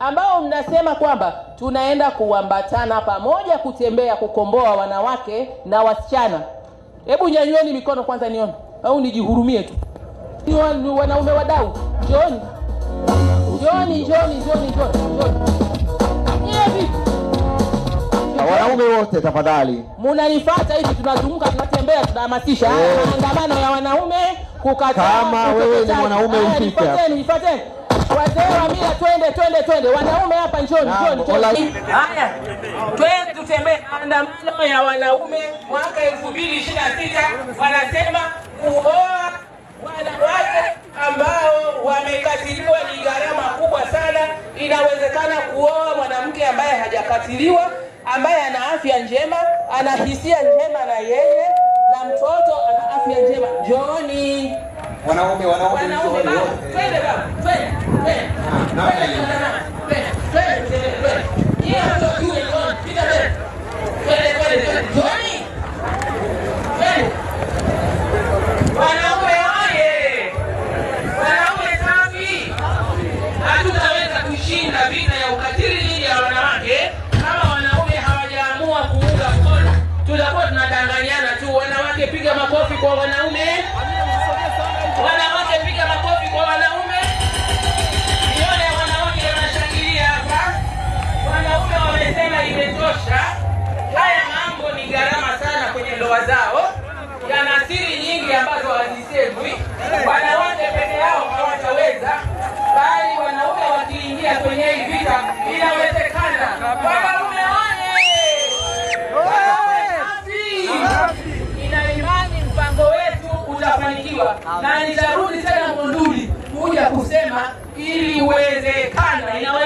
ambao mnasema kwamba tunaenda kuambatana pamoja kutembea kukomboa wanawake na wasichana. Hebu nyanyueni mikono kwanza nione, au nijihurumie tu. Ni wanaume wadau, njoni njoni njoni njoni njooni wanaume wote tafadhali, mnanifuata hivi, tunazunguka, tunatembea, tunahamasisha eh. maandamano ya wanaume kukataa. Kama wewe ni mwanaume, nifuateni, nifuateni. Wazee wa mila, twende twende twende, wanaume hapa, njoni njoni. Haya, twende tutembee. Maandamano ya wanaume mwaka 2026 wanasema kuoa wanawake ambao wamekatiliwa ni gharama kubwa sana. Inawezekana kuoa mwanamke ambaye hajakatiliwa, ambaye ana afya njema, ana hisia njema na yeye na mtoto ana afya njema. Njoni wanaume wanaume twende baba, twende twende Tunadanganyana tu, wanawake, piga makofi kwa wanaume. kwa wazazi zenu, wanawake peke yao hawataweza, bali wanaume wakiingia kwenye hii vita inawezekana. Wanaume ina imani mpango wetu utafanikiwa, na nitarudi tena Monduli kuja kusema iliwezekana.